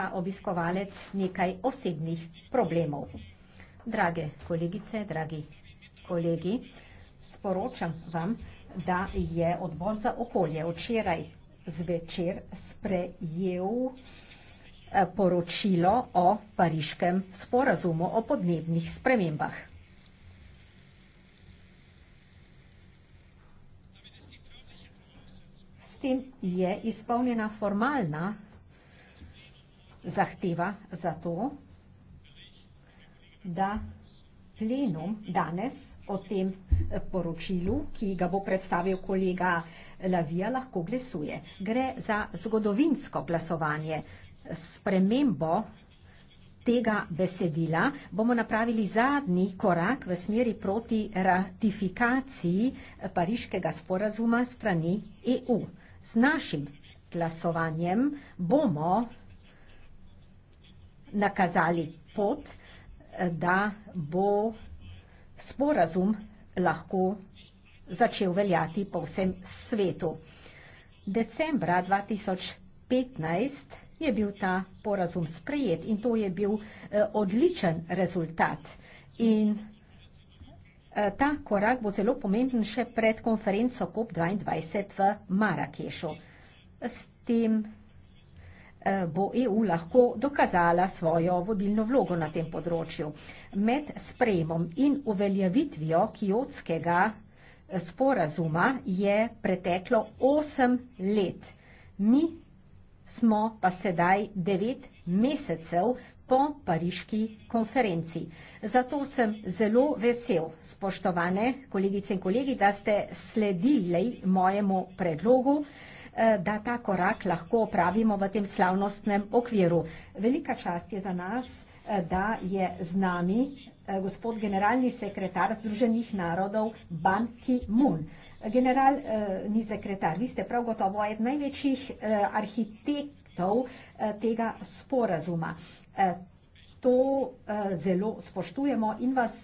ta obiskovalec nekaj osebnih problemov. Drage kolegice, dragi kolegi, sporočam vam, da je odbor za okolje včeraj zvečer sprejel eh, poročilo o pariškem sporazumu o podnebnih spremembah. S tem je izpolnjena formalna zahteva za to, da plenum danes o tem eh, poročilu, ki ga bo predstavil kolega Lavija, lahko glasuje. Gre za zgodovinsko glasovanje. Spremembo tega besedila bomo napravili zadnji korak v smeri proti ratifikaciji eh, Pariškega sporazuma strani EU. Z našim glasovanjem bomo nakazali pot, da bo sporazum lahko začel veljati po vsem svetu. Decembra 2015 je bil ta porazum sprejet in to je bil eh, odličen rezultat. In eh, ta korak bo zelo pomemben še pred konferenco COP22 v Marakešu. S tem Eh, bo EU lahko dokazala svojo vodilno vlogo na tem področju. Med sprejemom in uveljavitvijo kiotskega eh, sporazuma je preteklo 8 let. Mi smo pa sedaj 9 mesecev po pariški konferenci. Zato sem zelo vesel, spoštovane kolegice in kolegi, da ste sledili mojemu predlogu. Eh, da ta korak lahko opravimo v tem slavnostnem okviru. Velika čast je za nas, eh, da je z nami eh, gospod generalni sekretar Združenih narodov Ban Ki-moon. General, ni sekretar, vi ste prav gotovo eden največjih arhitektov tega sporazuma. To zelo spoštujemo in vas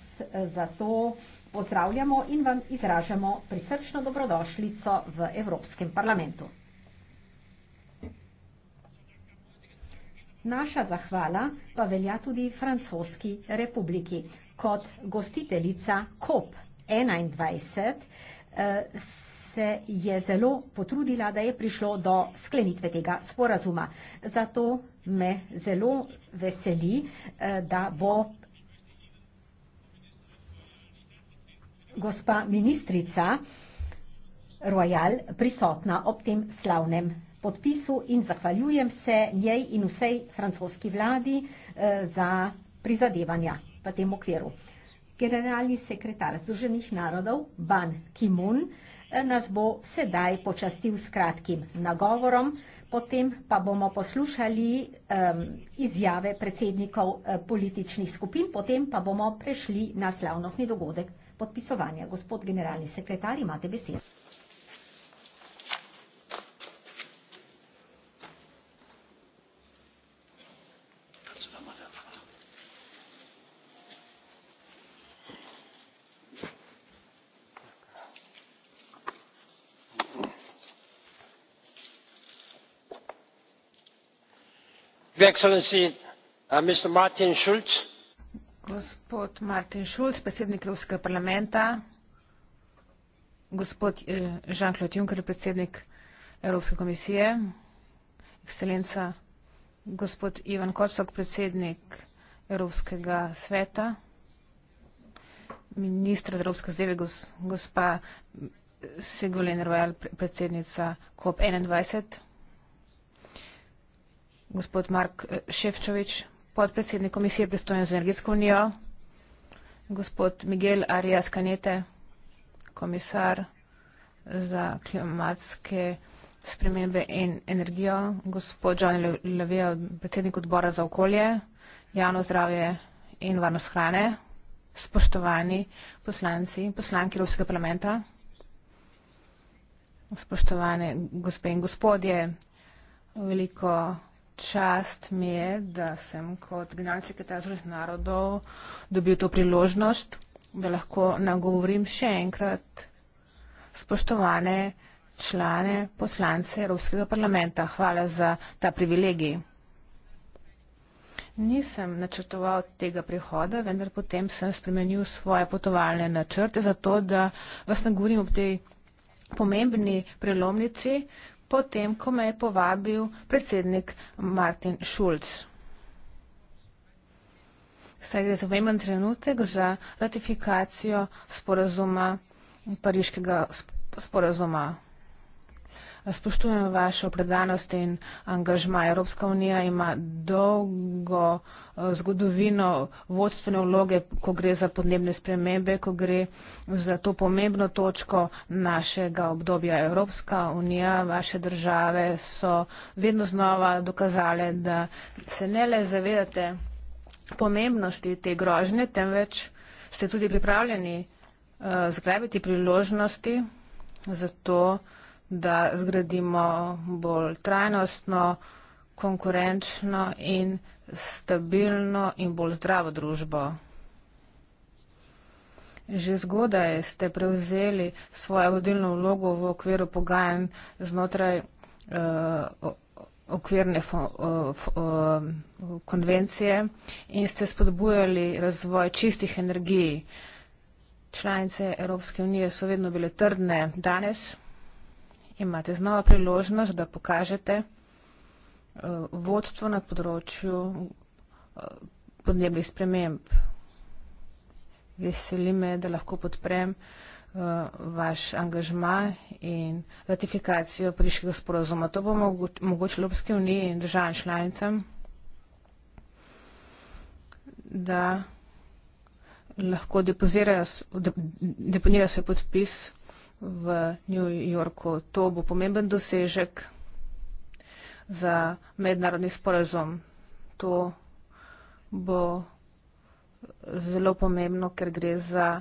zato pozdravljamo in vam izražamo prisrčno dobrodošljico v Evropskem parlamentu. Naša zahvala pa velja tudi Francoski republiki. Kot gostiteljica COP21 eh, se je zelo potrudila, da je prišlo do sklenitve tega sporazuma. Zato me zelo veseli, eh, da bo gospa ministrica Royal prisotna ob tem slavnem podpisu in zahvaljujem se njej in vsej francoski vladi eh, za prizadevanja v tem okviru. Generalni sekretar Združenih narodov Ban Ki-moon eh, nas bo sedaj počastil s kratkim nagovorom, potem pa bomo poslušali um, izjave predsednikov uh, političnih skupin, potem pa bomo prešli na slavnostni dogodek podpisovanja. Gospod generalni sekretar, imate besedo. Uh, gospod martin schulz predsednik evropskega parlamenta gospod eh, jean claude juncker predsednik evropske komisije ekscelenca gospod ivan kosok predsednik evropskega sveta minister za evropske zadeve gospa ségolène royal predsednica cop enaindvajset gospod Mark eh, Šefčovič, podpredsednik komisije pristojen za energetsko unijo, gospod Miguel Arias Canete, komisar za klimatske spremembe in energijo, gospod John Levejo, predsednik odbora za okolje, javno zdravje in varnost hrane, spoštovani poslanci in poslanki Evropskega parlamenta, spoštovane gospe in gospodje, veliko čast mi je, da sem kot generalni sekretar Združenih narodov dobil to priložnost, da lahko nagovorim še enkrat spoštovane člane, poslance Evropskega parlamenta. Hvala za ta privilegij. Nisem načrtoval tega prihoda, vendar potem sem spremenil svoje potovalne načrte, zato da vas nagovorim ob tej pomembni prelomnici, potem, ko me je povabil predsednik Martin Schulz. Saj gre za pomemben trenutek za ratifikacijo sporazuma, pariškega sporazuma. Spoštujem vašo predanost in angažma. Evropska unija ima dolgo eh, zgodovino vodstvene vloge, ko gre za podnebne spremembe, ko gre za to pomembno točko našega obdobja. Evropska unija, vaše države so vedno znova dokazale, da se ne le zavedate pomembnosti te grožnje, temveč ste tudi pripravljeni eh, zgrabiti priložnosti za to, da zgradimo bolj trajnostno, konkurenčno in stabilno in bolj zdravo družbo. Že zgodaj ste prevzeli svojo vodilno vlogo v okviru pogajanj znotraj uh, okvirne uh, uh, konvencije in ste spodbujali razvoj čistih energij. Članice Evropske unije so vedno bile trdne, danes imate znova priložnost, da pokažete eh, vodstvo na področju eh, podnebnih sprememb. Veseli me, da lahko podprem eh, vaš angažma in ratifikacijo prišljega sporozuma. To bo mogoče Lopske unije in državam članicam, da lahko deponirajo svoj podpis vsega, v New Yorku. To bo pomemben dosežek za mednarodni sporazum. To bo zelo pomembno, ker gre za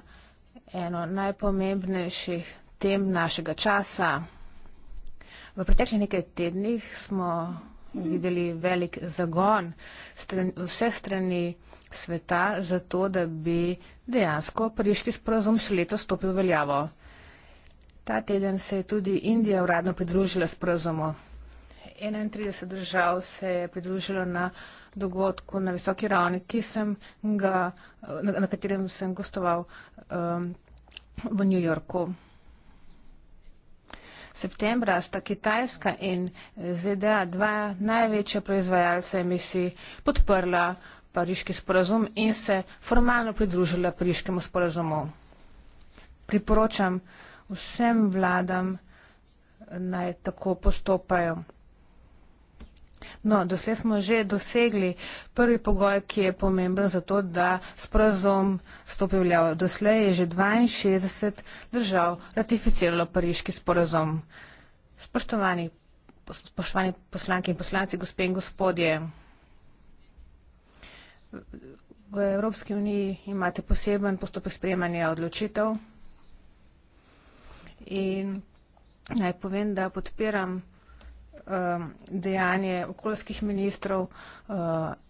eno najpomembnejših tem našega časa. V preteklih nekaj tednih smo videli velik zagon vseh strani sveta za to, da bi dejansko pariški sporazum še leto stopil v veljavo. Ta teden se je tudi Indija uradno pridružila sporazumu. 31 držav se je pridružilo na dogodku na visoki ravni, sem ga, na, na katerem sem gostoval um, v New Yorku. Septembra sta Kitajska in ZDA, dva največja proizvajalca emisij, podprla pariški sporazum in se formalno pridružila pariškemu sporazumu. Priporočam, vsem vladam naj tako postopajo. No, doslej smo že dosegli prvi pogoj, ki je pomemben za to, da sporazum stopi vljavo. Doslej je že 62 držav ratificiralo pariški sporazum. Spoštovani, spoštovani poslanki in poslanci, gospe in gospodje, v Evropski uniji imate poseben postopek sprejemanja odločitev. In naj povem, da podpiram um, dejanje okoljskih ministrov um,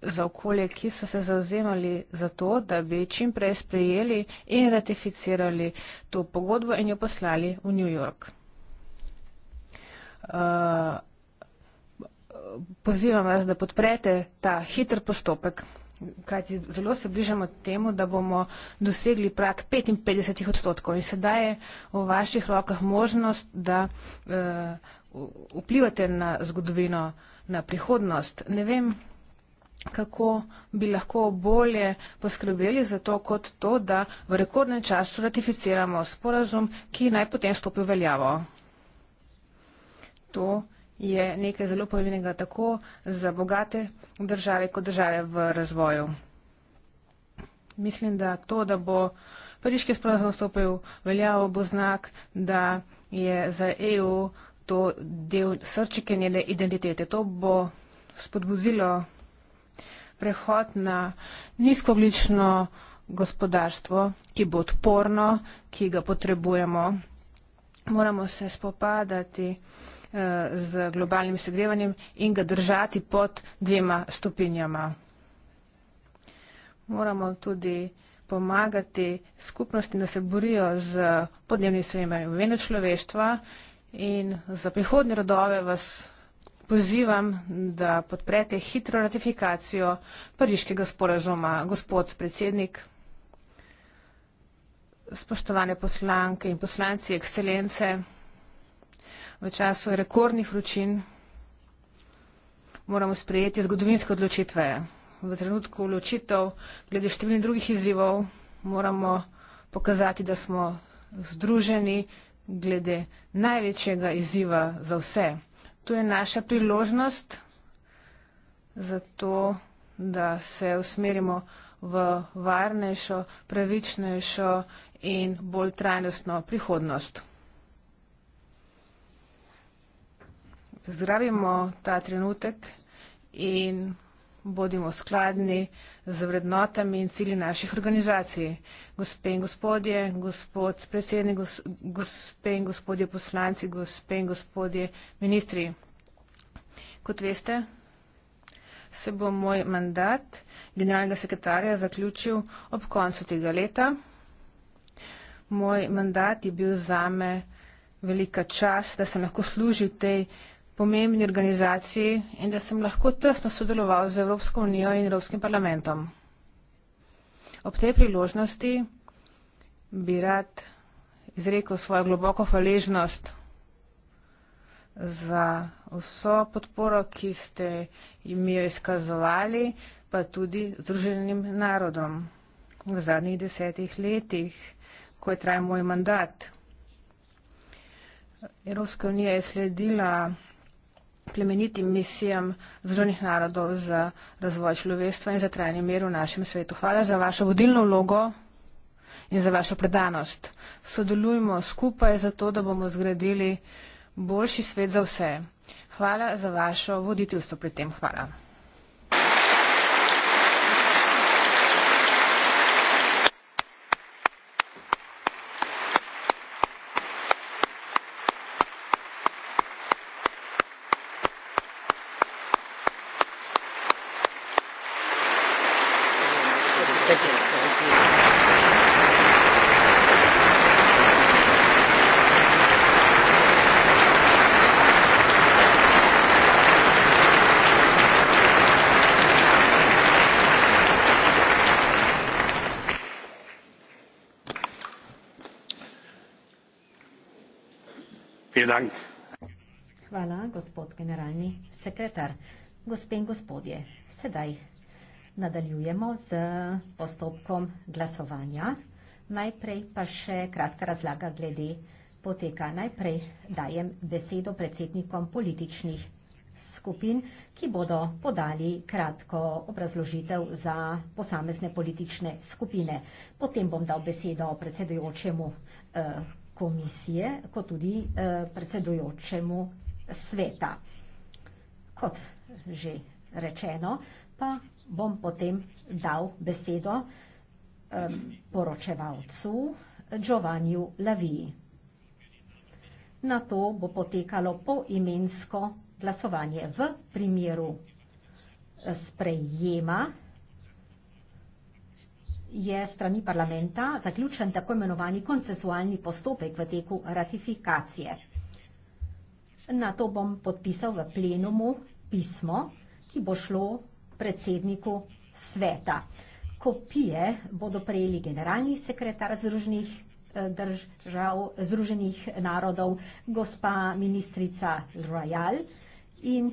za okolje, ki so se zauzemali za to, da bi čim prej sprejeli in ratificirali to pogodbo in jo poslali v New York. Uh, pozivam vas, da podprete ta hiter postopek. Krati zelo se bližamo temu, da bomo dosegli prak 55 odstotkov in sedaj je v vaših rokah možnost, da uh, vplivate na zgodovino, na prihodnost. Ne vem, kako bi lahko bolje poskrbeli za to, kot to, da v rekordnem času ratificiramo sporazum, ki naj potem stopi v veljavo. To je nekaj zelo pomembnega tako za bogate države kot države v razvoju. Mislim, da to, da bo Pariški sporazum stopil veljavo, bo znak, da je za EU to del srčike njene identitete. To bo spodbudilo prehod na nizkoglično gospodarstvo, ki bo odporno, ki ga potrebujemo. Moramo se spopadati. Eh, z globalnim segrevanjem in ga držati pod dvema stopinjama. Moramo tudi pomagati skupnosti, da se borijo z podnebnim spremembami v imenu človeštva in za prihodne rodove vas pozivam, da podprete hitro ratifikacijo pariškega sporazuma. Gospod predsednik, spoštovane poslanke in poslanci, ekscelence v času rekordnih vročin moramo sprejeti zgodovinske odločitve. V trenutku odločitev glede številnih drugih izzivov moramo pokazati, da smo združeni glede največjega izziva za vse. To je naša priložnost za to, da se usmerimo v varnejšo, pravičnejšo in bolj trajnostno prihodnost. zdravimo ta trenutek in bodimo skladni z vrednotami in cilji naših organizacij. Gospe in gospodje, gospod predsednik, gospe in gospodje poslanci, gospe in gospodje ministri. Kot veste, se bo moj mandat generalnega sekretarja zaključil ob koncu tega leta. Moj mandat je bil zame velika čas, da sem lahko služil tej pomembni organizaciji in da sem lahko tesno sodeloval z Evropsko unijo in Evropskim parlamentom. Ob tej priložnosti bi rad izrekel svojo globoko hvaležnost za vso podporo, ki ste jim jo izkazovali, pa tudi Združenim narodom v zadnjih desetih letih, ko je trajal moj mandat. Evropska unija je sledila plemenitim misijam Združenih narodov za razvoj človeštva in za trajni mir v našem svetu. Hvala za vašo vodilno vlogo in za vašo predanost. Sodelujmo skupaj za to, da bomo zgradili boljši svet za vse. Hvala za vašo voditeljstvo pri tem. Hvala. Dank. Hvala, gospod generalni sekretar. Gospe in gospodje, sedaj nadaljujemo z postopkom glasovanja. Najprej pa še kratka razlaga glede poteka. Najprej dajem besedo predsednikom političnih skupin, ki bodo podali kratko obrazložitev za posamezne politične skupine. Potem bom dal besedo predsedujočemu eh, komisije kot tudi eh, predsedujočemu sveta. Kot že rečeno, pa bom potem dal besedo poročevalcu Giovanniu Laviji. Na to bo potekalo poimensko glasovanje v primeru eh, sprejema je strani parlamenta zaključen tako imenovani konsensualni postopek v teku ratifikacije. Na to bom podpisal v plenumu pismo, ki bo šlo predsedniku sveta. Kopije bodo prejeli generalni sekretar Združenih eh, držav, Združenih narodov, gospa ministrica Royal in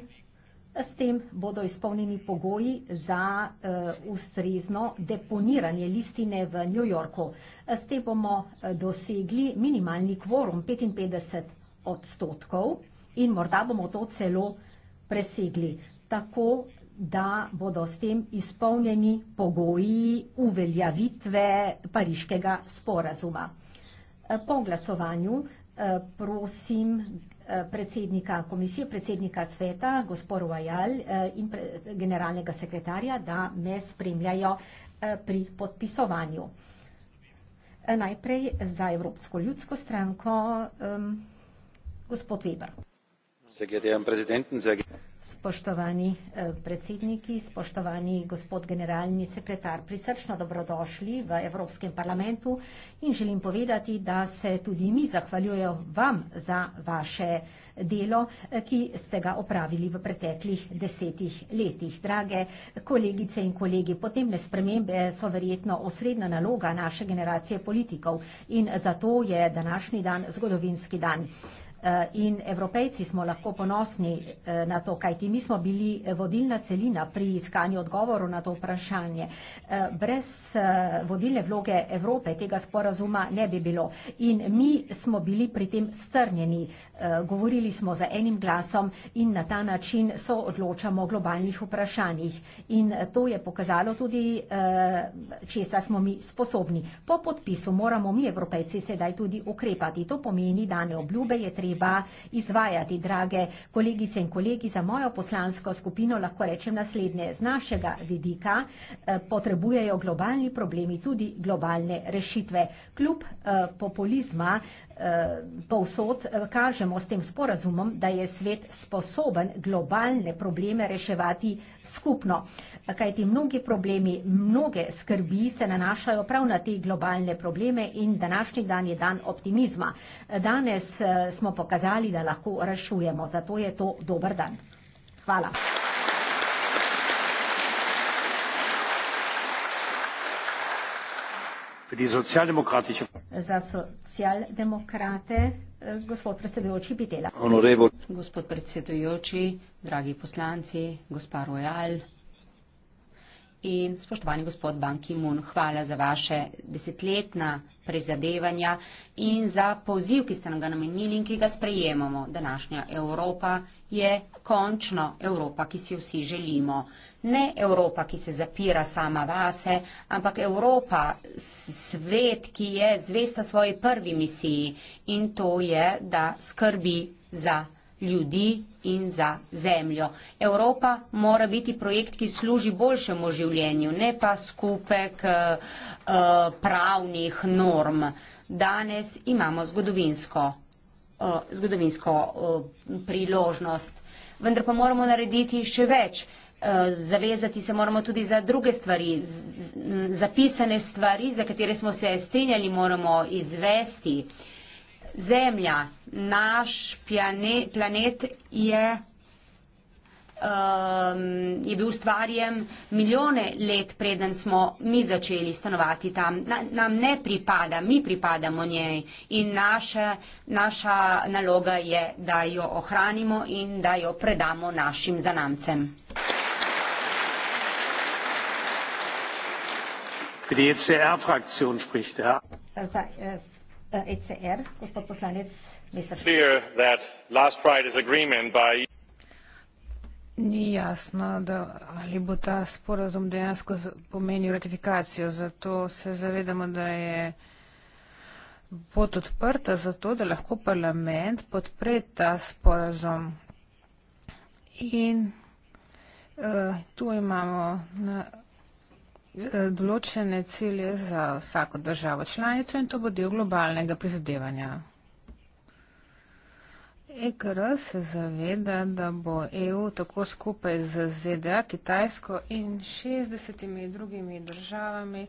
S tem bodo izpolnjeni pogoji za uh, ustrezno deponiranje listine v New Yorku. S tem bomo eh, dosegli minimalni kvorum 55 odstotkov in morda bomo to celo presegli, tako da bodo s tem izpolnjeni pogoji uveljavitve pariškega sporazuma. Eh, po glasovanju prosim predsednika komisije, predsednika sveta, gospod Royal eh, in generalnega sekretarja, da me spremljajo eh, pri podpisovanju. Eh, najprej za Evropsko ljudsko stranko gospod Weber. Spoštovani eh, predsedniki, spoštovani gospod generalni sekretar, prisrčno dobrodošli v Evropskem parlamentu in želim povedati, da se tudi mi zahvaljujem vam za vaše delo, eh, ki ste ga opravili v preteklih desetih letih. Drage kolegice in kolegi, podnebne spremembe so verjetno osrednja naloga naše generacije politikov in zato je današnji dan zgodovinski dan. Eh, in evropejci smo lahko ponosni eh, na to, kajti mi smo bili eh, vodilna celina pri iskanju odgovoru na to vprašanje. Brez vodilne vloge Evrope tega sporazuma ne bi bilo. In mi smo bili pri tem strnjeni. Govorili smo za enim glasom in na ta način so odločamo o globalnih vprašanjih. In to je pokazalo tudi, česa smo mi sposobni. Po podpisu moramo mi, evropejci, sedaj tudi ukrepati. To pomeni, dane obljube je treba treba izvajati, drage kolegice in kolegi, za mojo poslansko skupino lahko rečem naslednje. Z našega vidika eh, potrebujejo globalni problemi tudi globalne rešitve. Kljub eh, populizma povsod eh, kažemo s tem sporazumom, da je svet sposoben globalne probleme reševati skupno. Kajti mnogi problemi, mnoge skrbi se nanašajo prav na te globalne probleme in današnji dan je dan optimizma. Danes eh, smo pokazali, da lahko rešujemo. Zato je to dober dan. Hvala. Für die sozialdemokratische Za socialdemokrate, eh, gospod predsedujoči, bi delal. Gospod predsedujoči, dragi poslanci, gospa Royal, In spoštovani gospod Bankimun, hvala za vaše desetletna prizadevanja in za poziv, ki ste nam ga namenili in ki ga sprejemamo. Današnja Evropa je končno Evropa, ki si jo vsi želimo. Ne Evropa, ki se zapira sama vase, ampak Evropa, svet, ki je zvesta svoji prvi misiji in to je, da skrbi za ljudi in za zemljo. Evropa mora biti projekt, ki služi boljšemu življenju, ne pa skupek uh, pravnih norm. Danes imamo zgodovinsko, uh, zgodovinsko uh, priložnost. Vendar pa moramo narediti še več. Zavezati se moramo tudi za druge stvari. Zapisane stvari, za katere smo se strinjali, moramo izvesti. Uh, Zemlja, naš plane, planet je, um, je bil ustvarjen milijone let, preden smo mi začeli stanovati tam. Na, nam ne pripada, mi pripadamo njej in naše, naša naloga je, da jo ohranimo in da jo predamo našim zanamcem. Pri ECR-frakciji spričte. Ja. ECR, eh, e gospod poslanec Messerschmidt. Ni jasno, da, ali bo ta sporazum dejansko pomenil ratifikacijo, zato se zavedamo, da je pot odprta za to, da lahko parlament podpre ta sporazum. In uh, tu imamo na, Eh, določene cilje za vsako državo članico in to bo del globalnega prizadevanja. EKR se zaveda, da bo EU tako skupaj z ZDA, Kitajsko in 60 drugimi državami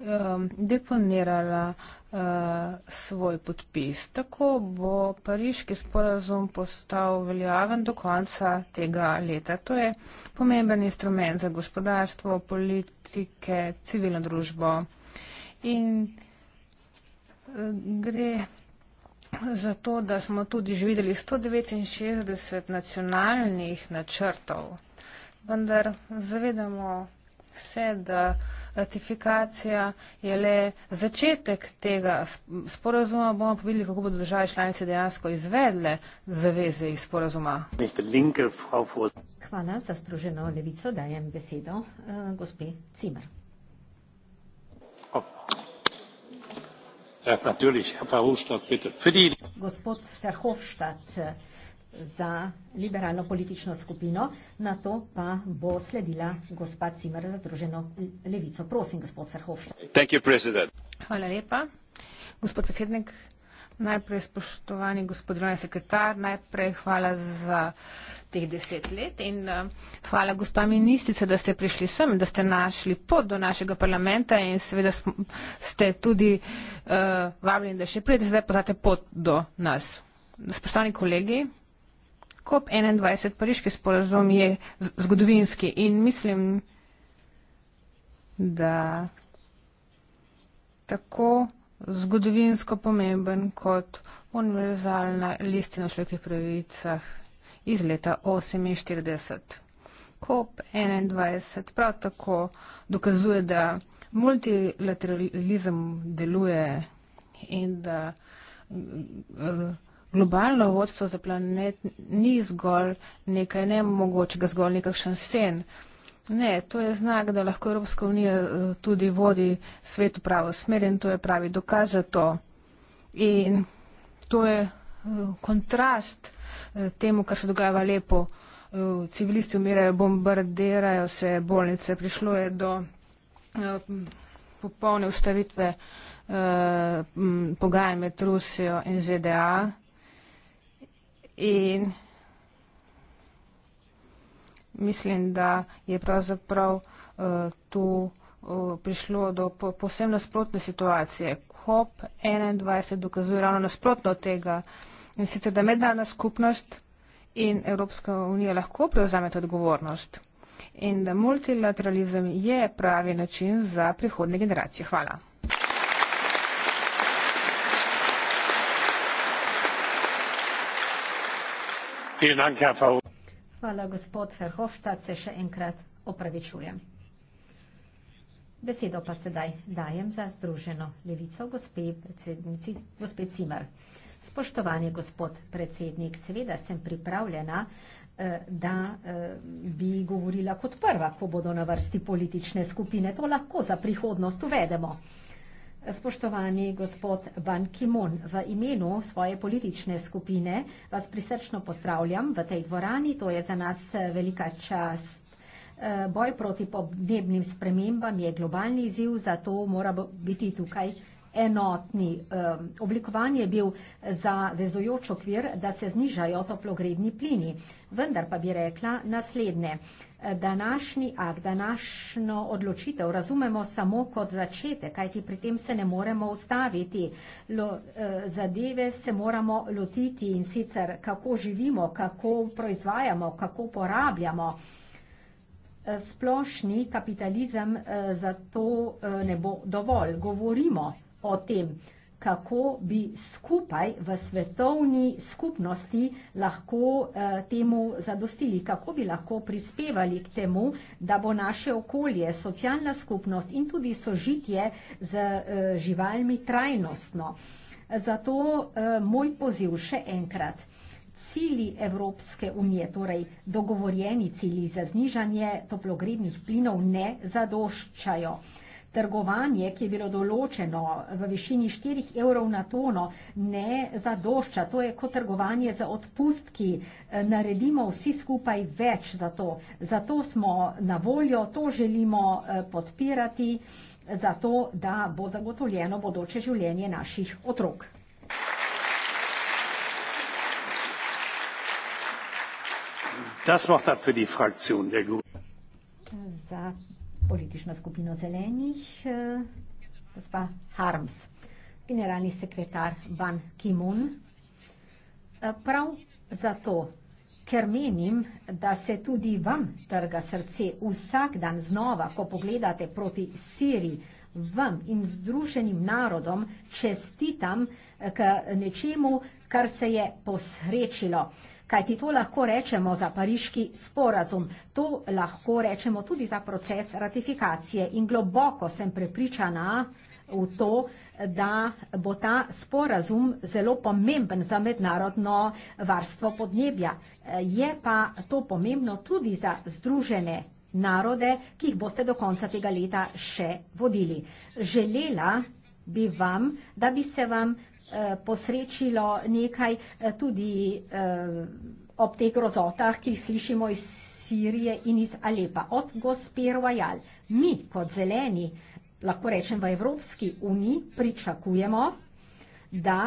um, deponirala uh, svoj podpis. Tako bo pariški sporazum postal veljaven do konca tega leta. To je pomemben instrument za gospodarstvo, politike, civilno družbo. In uh, gre za to, da smo tudi že videli 169 nacionalnih načrtov, vendar zavedamo, vse, da ratifikacija je le začetek tega sporazuma. Bomo pa videli, kako bodo države članice dejansko izvedle zaveze iz sporazuma. Hvala za sproženo levico. Dajem besedo uh, gospe Cimer. Oh. Ja, Gospod Verhofstadt. Eh, za liberalno politično skupino, na to pa bo sledila gospa Cimer za združeno levico. Prosim, gospod Verhofer. Hvala lepa. Gospod predsednik, najprej spoštovani gospod državni sekretar, najprej hvala za teh deset let in eh, hvala gospa ministrica, da ste prišli sem, da ste našli pot do našega parlamenta in seveda ste tudi uh, vabljeni, da še prijete, zdaj poznate pot do nas. Spoštovani kolegi, COP21, pariški sporazum je zgodovinski in mislim, da tako zgodovinsko pomemben kot univerzalna listina o človekovih pravicah iz leta 1948. COP21 prav tako dokazuje, da multilateralizem deluje in da uh, globalno vodstvo za planet ni zgolj nekaj nemogočega, zgolj nekakšen sen. Ne, to je znak, da lahko Evropska unija eh, tudi vodi svet v pravo smer in to je pravi dokaz za to. In to je eh, kontrast eh, temu, kar se dogaja lepo. Civilisti umirajo, bombardirajo se bolnice, prišlo je do popolne ustavitve pogajanj med Rusijo in ZDA. In mislim, da je pravzaprav uh, tu eh, prišlo do povsem nasprotne situacije. COP21 dokazuje ravno nasprotno tega. In sicer, da mednarodna skupnost in Evropska unija lahko prevzame to odgovornost. In da multilateralizem je pravi način za prihodne generacije. Hvala. Vielen Dank, Herr Frau. Hvala, gospod Verhofstadt, se še enkrat opravičujem. Besedo pa sedaj dajem za Združeno levico gospe predsednici, gospe Cimer. Spoštovani gospod predsednik, seveda sem pripravljena, eh, da eh, bi govorila kot prva, ko bodo na vrsti politične skupine. To lahko za prihodnost uvedemo. Spoštovani gospod Ban Ki-moon, v imenu svoje politične skupine vas prisrčno pozdravljam v tej dvorani. To je za nas eh, velika čast. Eh, boj proti podnebnim spremembam je globalni izziv, zato mora biti tukaj enotni. Oblikovan je bil za vezujoč okvir, da se znižajo toplogredni plini. Vendar pa bi rekla naslednje. Današnji akt, današnjo odločitev razumemo samo kot začetek, kajti pri tem se ne moremo ustaviti. Lo, e, zadeve se moramo lotiti in sicer kako živimo, kako proizvajamo, kako porabljamo. E, splošni kapitalizem e, zato ne bo dovolj. Govorimo o tem, kako bi skupaj v svetovni skupnosti lahko eh, temu zadostili, kako bi lahko prispevali k temu, da bo naše okolje, socialna skupnost in tudi sožitje z eh, živalmi trajnostno. Zato eh, moj poziv še enkrat. Cili Evropske unije, torej dogovorjeni cili za znižanje toplogrednih plinov, ne zadoščajo. Zato, trgovanje, ki je bilo določeno v višini 4 evrov na tono, ne zadošča. To je kot trgovanje za odpustki. E, naredimo vsi skupaj več za to. Zato smo na voljo, to želimo e, podpirati, zato da bo zagotovljeno bodoče življenje naših otrok. Das macht ab für die Fraktion der Grünen politična skupina zelenih, eh, gospa Harms, generalni sekretar Ban Ki-moon. Eh, prav zato, ker menim, da se tudi vam trga srce vsak dan znova, ko pogledate proti Siriji, vam in združenim narodom čestitam eh, k nečemu, kar se je posrečilo kaj ti to lahko rečemo za pariški sporazum, to lahko rečemo tudi za proces ratifikacije in globoko sem prepričana v to, da bo ta sporazum zelo pomemben za mednarodno varstvo podnebja. Je pa to pomembno tudi za združene narode, ki jih boste do konca tega leta še vodili. Želela bi vam, da bi se vam vsega, Eh, posrečilo nekaj eh, tudi eh, ob teh grozotah, ki jih slišimo iz Sirije in iz Alepa. Od gospe Rojal, mi kot zeleni, lahko rečem v Evropski uniji, pričakujemo, da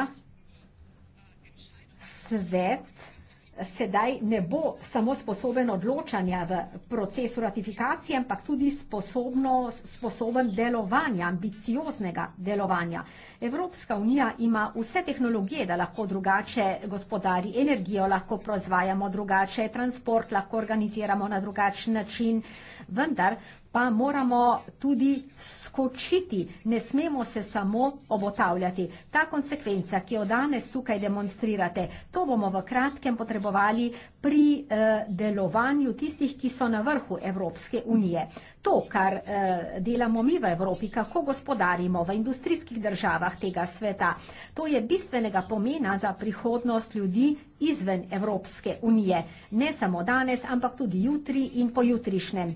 svet vsega, sedaj ne bo samo sposoben odločanja v procesu ratifikacije, ampak tudi sposobno, sposoben delovanja, ambicioznega delovanja. Evropska unija ima vse tehnologije, da lahko drugače gospodari energijo, lahko proizvajamo drugače transport, lahko organiziramo na drugačen način, vendar pa moramo tudi skočiti, ne smemo se samo obotavljati. Ta konsekvenca, ki jo danes tukaj demonstrirate, to bomo v kratkem potrebovali pri eh, delovanju tistih, ki so na vrhu Evropske unije. To, kar eh, delamo mi v Evropi, kako gospodarimo v industrijskih državah tega sveta, to je bistvenega pomena za prihodnost ljudi izven Evropske unije. Ne samo danes, ampak tudi jutri in pojutrišnjem.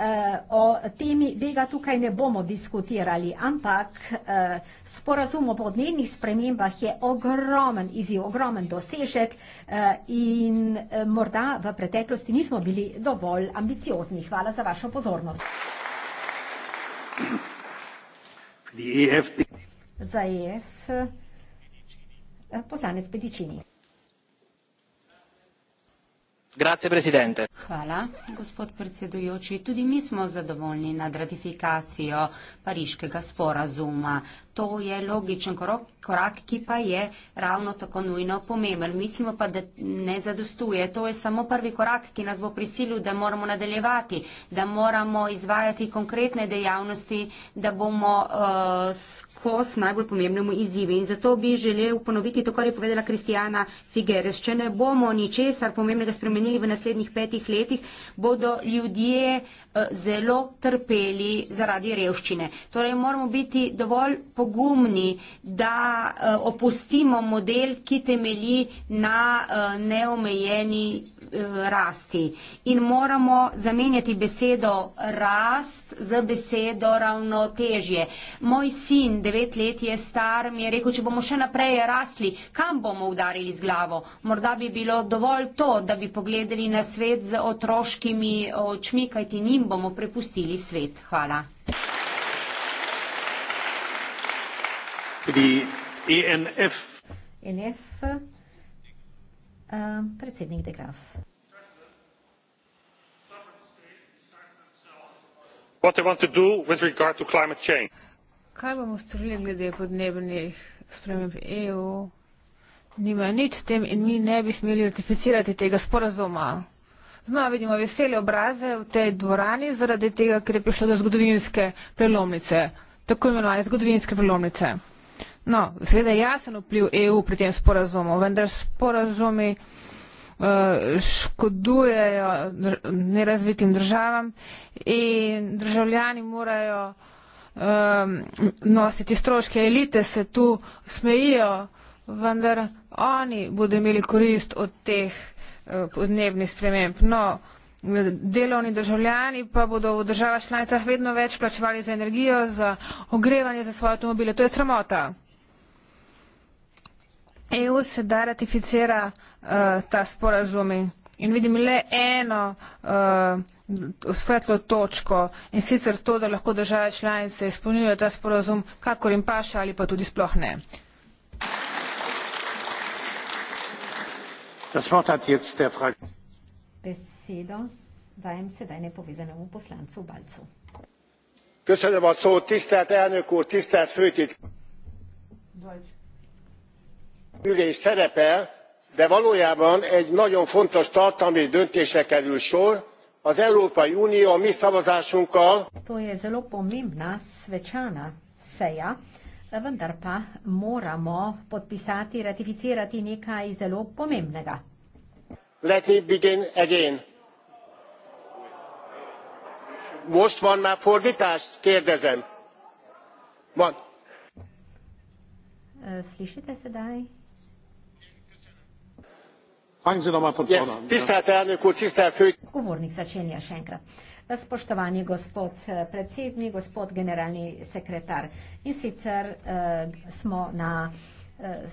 Uh, o temi tega tukaj ne bomo diskutirali, ampak uh, sporazum o podnebnih spremembah je ogromen izjiv, ogromen dosežek uh, in uh, morda v preteklosti nismo bili dovolj ambiciozni. Hvala za vašo pozornost. E za EF, uh, poslanec Pedičini. Hvala, gospod predsedujoči. Tudi mi smo zadovoljni nad ratifikacijo pariškega sporazuma. To je logičen korak, korak, ki pa je ravno tako nujno pomemben. Mislimo pa, da ne zadostuje. To je samo prvi korak, ki nas bo prisilil, da moramo nadaljevati, da moramo izvajati konkretne dejavnosti, da bomo uh, eh, skos najbolj pomembnemu izzivu. In zato bi želel ponoviti to, kar je povedala Kristijana Figeres. Če ne bomo ničesar pomembnega spremenili, spremenili v naslednjih petih letih, bodo ljudje eh, zelo trpeli zaradi revščine. Torej moramo biti dovolj pogumni, da eh, opustimo model, ki temelji na eh, neomejeni Eh, rasti. In moramo zamenjati besedo rast z besedo ravnotežje. Moj sin, devet let je star, mi je rekel, če bomo še naprej rasli, kam bomo udarili z glavo? Morda bi bilo dovolj to, da bi pogledali na svet z otroškimi očmi, kajti njim bomo prepustili svet. Hvala. Pri ENF. ENF. Ehm, predsednik de Graaf. Kaj bomo storili glede podnebnih sprememb EU? Nima nič s tem in mi ne bi smeli ratificirati tega sporazuma. Znova vidimo vesele obraze v tej dvorani zaradi tega, ker je prišlo do zgodovinske prelomnice, tako imenovane zgodovinske prelomnice. No, seveda jasen vpliv EU pri tem sporazumu, vendar sporazumi eh, škodujejo nerazvitim državam in državljani morajo ehm, nositi stroške. Elite se tu smejijo, vendar oni bodo imeli korist od teh eh, podnebnih sprememb. No, delovni državljani pa bodo v državah članicah vedno več plačevali za energijo, za ogrevanje, za svoje avtomobile. To je sramota. EU sedaj ratificira uh, ta sporazum in vidim le eno uh, svetlo točko in sicer to, da lahko države članice izpolnjujejo ta sporazum, kakor jim paše ali pa tudi sploh ne. Besedo dajem sedaj nepovezanemu poslancu Balcu. Köszönöm a szót, tisztelt elnök úr, tisztelt főtit! Deutsch ülés szerepel de valójában egy nagyon fontos tartalmi döntésre kerül sor az európai unió a mi szavazásunkkal to je zelo pomembna svečana seja vendar pa moramo podpisati ratificirati nekaj zelo pomembnega let me begin again most van már fordítás kérdezem van slišite sedaj Govornica Čenja še enkrat. Spoštovani gospod eh, predsednik, gospod generalni sekretar, in sicer eh, smo na eh,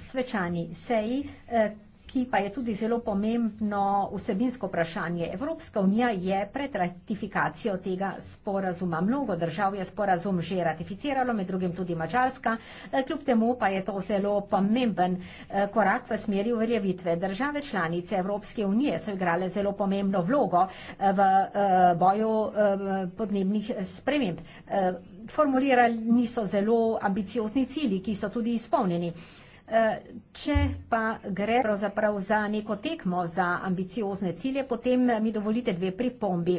svečani seji, ki pa je tudi zelo pomembno vsebinsko vprašanje. Evropska unija je pred ratifikacijo tega sporazuma. Mnogo držav je sporazum že ratificiralo, med drugim tudi Mačarska. Eh, kljub temu pa je to zelo pomemben eh, korak v smeri uveljavitve. Države članice Evropske unije so igrale zelo pomembno vlogo eh, v boju podnebnih sprememb. Formulirali niso zelo ambiciozni cili, ki so tudi izpolnjeni. E, če pa gre pravzaprav za neko tekmo, za ambiciozne cilje, potem mi dovolite dve pripombi.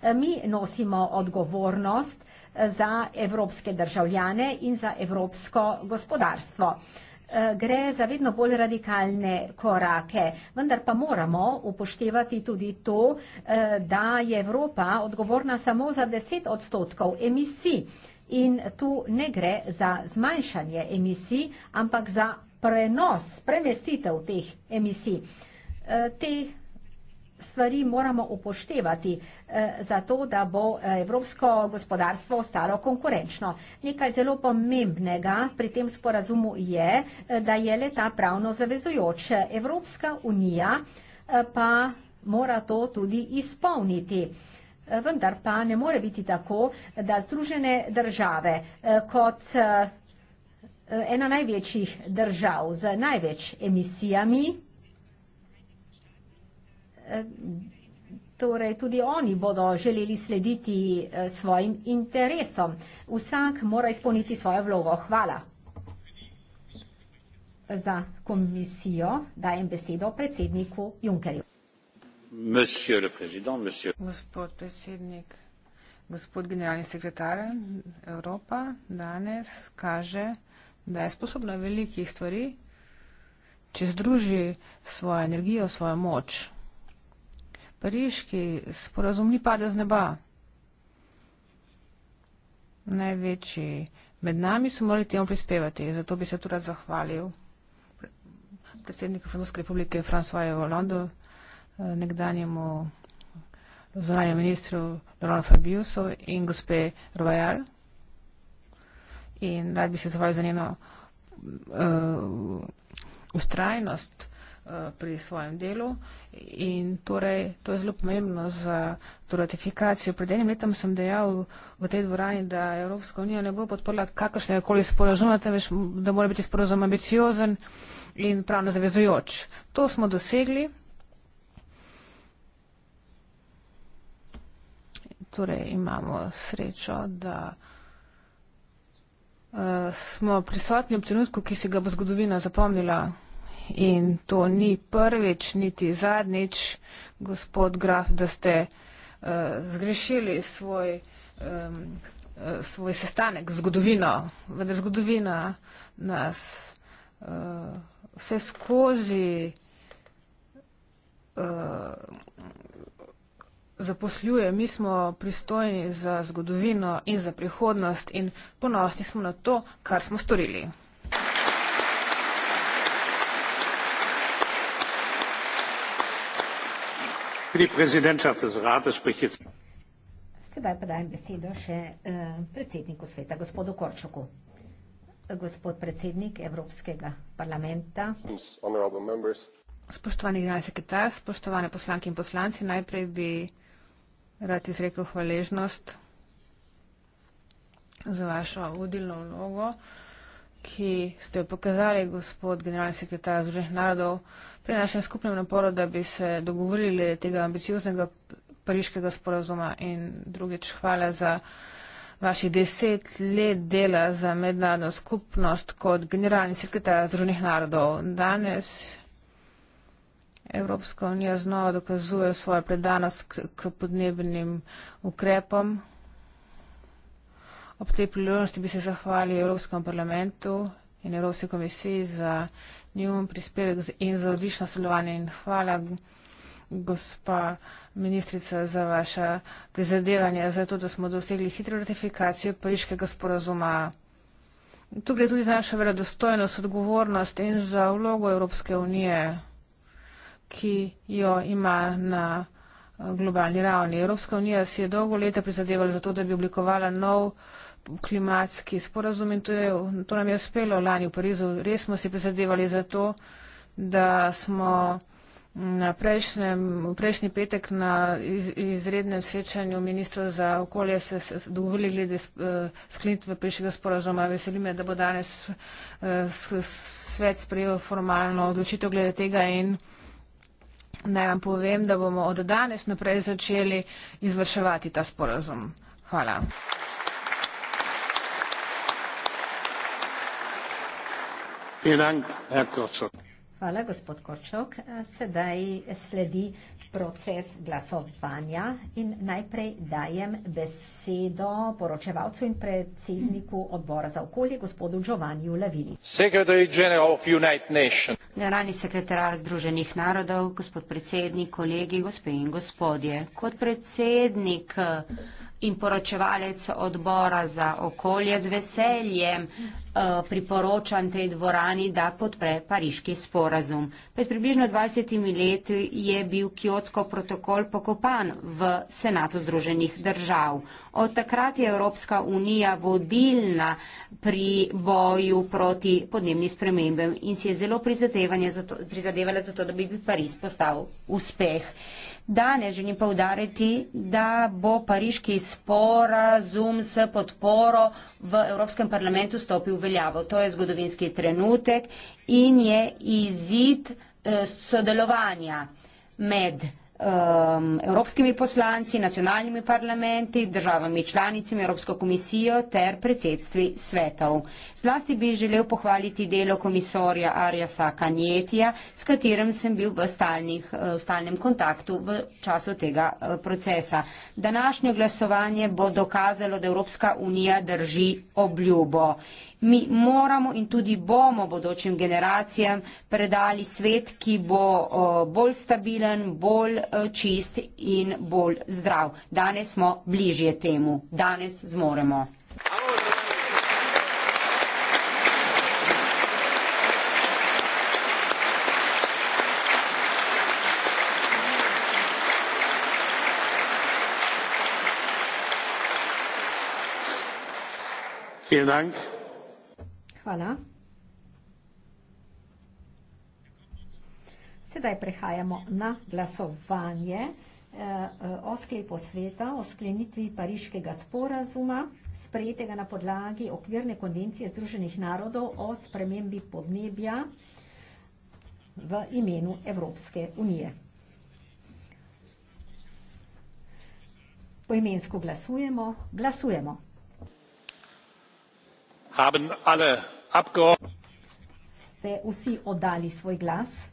E, mi nosimo odgovornost e, za evropske državljane in za evropsko gospodarstvo. Gre za vedno bolj radikalne korake, vendar pa moramo upoštevati tudi to, da je Evropa odgovorna samo za 10 odstotkov emisij. In tu ne gre za zmanjšanje emisij, ampak za prenos, premestitev teh emisij. E, te stvari moramo upoštevati e, za to, da bo e, evropsko gospodarstvo ostalo konkurenčno. Nekaj zelo pomembnega pri tem sporazumu je, da je le ta pravno zavezujoč. Evropska unija pa mora to tudi izpolniti. Vendar pa ne more biti tako, da združene države kot Eh, ena največjih držav z največ emisijami. Eh, torej, tudi oni bodo želeli slediti eh, svojim interesom. Vsak mora izpolniti svojo vlogo. Hvala. Za komisijo dajem besedo predsedniku Junkerju. Gospod predsednik, gospod generalni sekretar Evropa danes kaže, da je sposobna velikih stvari, če združi svojo energijo, svojo moč. Pariški sporazum ni pade z neba. Največji med nami so morali temu prispevati, zato bi se tudi rad zahvalil predsedniku Francoske republike Francoise Hollande, eh, nekdanjemu zunanjemu ministru Laurent Fabiusu in gospe Royal in rad bi se zahvalil za njeno uh, eh, ustrajnost uh, eh, pri svojem delu. In torej, to je zelo pomembno za to ratifikacijo. Pred enim letom sem dejal v tej dvorani, da Evropska unija ne bo podporila kakršnega koli sporozuma, temveč da mora biti sporozum ambiciozen in pravno zavezujoč. To smo dosegli. Torej imamo srečo, da. Eh, smo prisotni ob trenutku, ki se ga bo zgodovina zapomnila. In to ni prvič, niti zadnjič, gospod Graf, da ste uh, zgrešili svoj, um, uh, svoj sestanek z zgodovino. Vendar zgodovina nas uh, vse skozi uh, zaposluje, mi smo pristojni za zgodovino in za prihodnost in ponosni smo na to, kar smo storili. Sedaj pa dajem besedo še eh, predsedniku sveta, gospodu Korčuku. Gospod predsednik Evropskega parlamenta. Spoštovani generalni sekretar, spoštovane poslanke in poslanci, najprej bi rad izrekel hvaležnost za vašo vodilno vlogo, ki ste jo pokazali, gospod generalni sekretar Združenih narodov, pri našem skupnem naporu, da bi se dogovorili tega ambicioznega pariškega sporazuma in drugič hvala za vaših deset let dela za mednarodno skupnost kot generalni sekretar Združenih narodov. Danes Evropska unija znova dokazuje svojo predanost k, k podnebnim ukrepom. Ob tej priložnosti bi se zahvalili Evropskem parlamentu in Evropski komisiji za njun prispevek in za odlično sodelovanje in hvala gospa ministrica za vaša prizadevanja za to, da smo dosegli hitro ratifikacijo pariškega sporazuma. Tu gre tudi za našo verodostojnost, odgovornost in za vlogo Evropske unije ki jo ima na eh, globalni ravni. Evropska unija si je dolgo leta prizadevala za to, da bi oblikovala nov klimatski sporazum in to, je, to nam je uspelo lani v Parizu. Res smo si prizadevali za to, da smo na prejšnjem, prejšnji petek na iz, izrednem srečanju ministrov za okolje se, se dogovorili glede eh, sklenitve prejšnjega sporazuma. Veseli me, da bo danes eh, svet sprejel formalno odločitev glede tega in Naj vam povem, da bomo od danes naprej začeli izvrševati ta sporazum. Hvala. Hvala, gospod Korčok. Eh, sedaj sledi proces glasovanja in najprej dajem besedo poročevalcu in predsedniku odbora za okolje, gospodu Giovanni Ulavini. Generalni sekretar Združenih narodov, gospod predsednik, kolegi, gospe in gospodje. Kot predsednik eh, in poročevalec odbora za okolje z veseljem Eh, priporočam tej dvorani, da podpre pariški sporazum. Pred približno 20 leti je bil Kjotsko protokol pokopan v Senatu Združenih držav. Od takrat je Evropska unija vodilna pri boju proti podnebnim spremembem in si je zelo prizadevala za to, da bi Pariz postal uspeh. Danes želim povdariti, da bo pariški sporazum s podporo v Evropskem parlamentu stopil v veljavo. To je zgodovinski trenutek in je izid eh, sodelovanja med um, evropskimi poslanci, nacionalnimi parlamenti, državami članicami Evropsko komisijo ter predsedstvi svetov. Zlasti bi želel pohvaliti delo komisorja Arjasa Kanjetija, s katerim sem bil v, stalnih, eh, v stalnem kontaktu v času tega eh, procesa. Današnje glasovanje bo dokazalo, da Evropska unija drži obljubo. Mi moramo in tudi bomo bodočim generacijam predali svet, ki bo eh, bolj stabilen, bolj Eh, čist in bolj zdrav. Danes smo bližje temu, danes zmoremo. Hvala. Sedaj prehajamo na glasovanje eh, eh, o sklepu sveta, o sklenitvi pariškega sporazuma, sprejetega na podlagi okvirne konvencije Združenih narodov o spremembi podnebja v imenu Evropske unije. Poimensko glasujemo. Glasujemo. Ste vsi oddali svoj glas?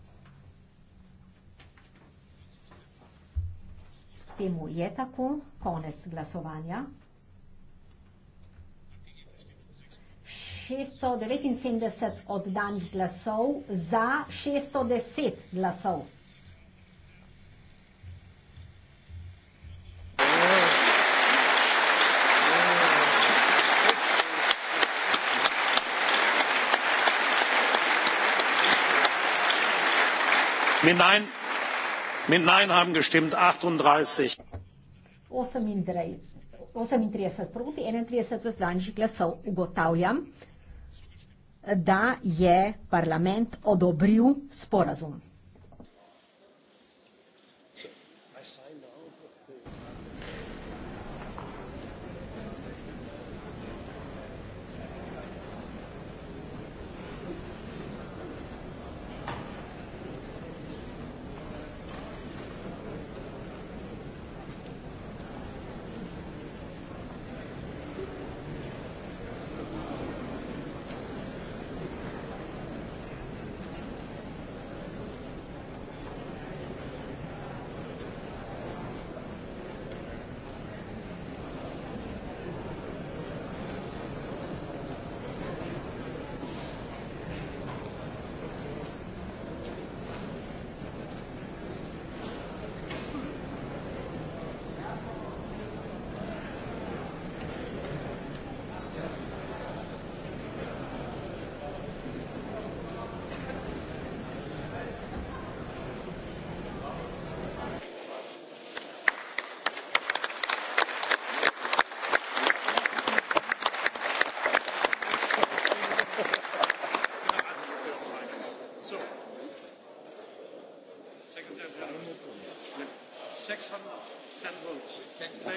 temu je tako, konec glasovanja. 679 oddanih glasov za 610 glasov. Mit Nein mit nein haben gestimmt 38 38 proti 31 glasov ugotavljam da je parlament odobril sporazum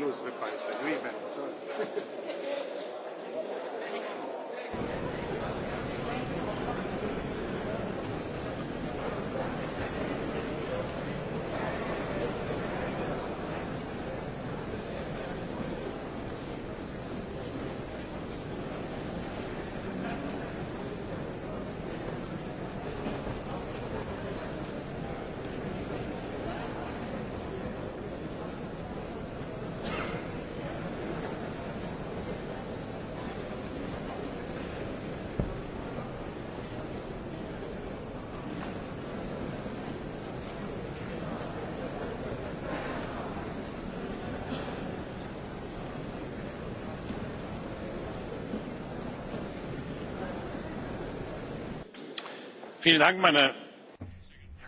luz me parece. Luis Mendoza.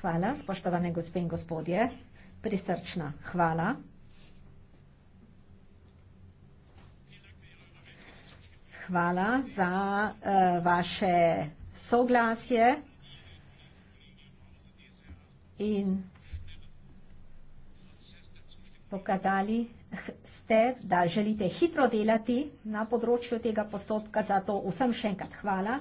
Hvala, spoštovane gospe in gospodje. Prisrčna hvala. Hvala za uh, vaše soglasje in pokazali ste, da želite hitro delati na področju tega postopka, zato vsem še enkrat hvala.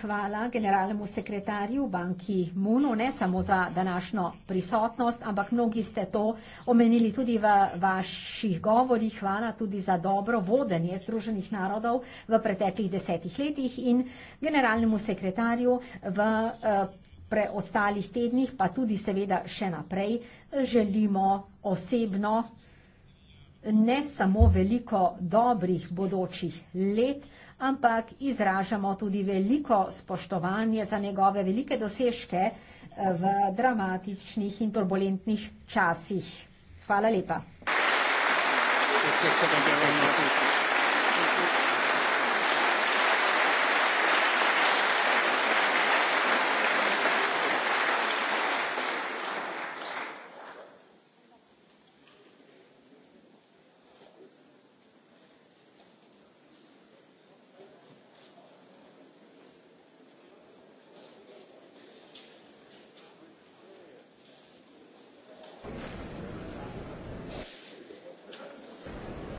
Hvala generalnemu sekretarju banki Munu, ne samo za današnjo prisotnost, ampak mnogi ste to omenili tudi v vaših govorih. Hvala tudi za dobro vodenje Združenih narodov v preteklih desetih letih in generalnemu sekretarju v eh, preostalih tednih, pa tudi seveda še naprej, želimo osebno ne samo veliko dobrih bodočih let, ampak izražamo tudi veliko spoštovanje za njegove velike dosežke eh, v dramatičnih in turbulentnih časih. Hvala lepa. Thank you.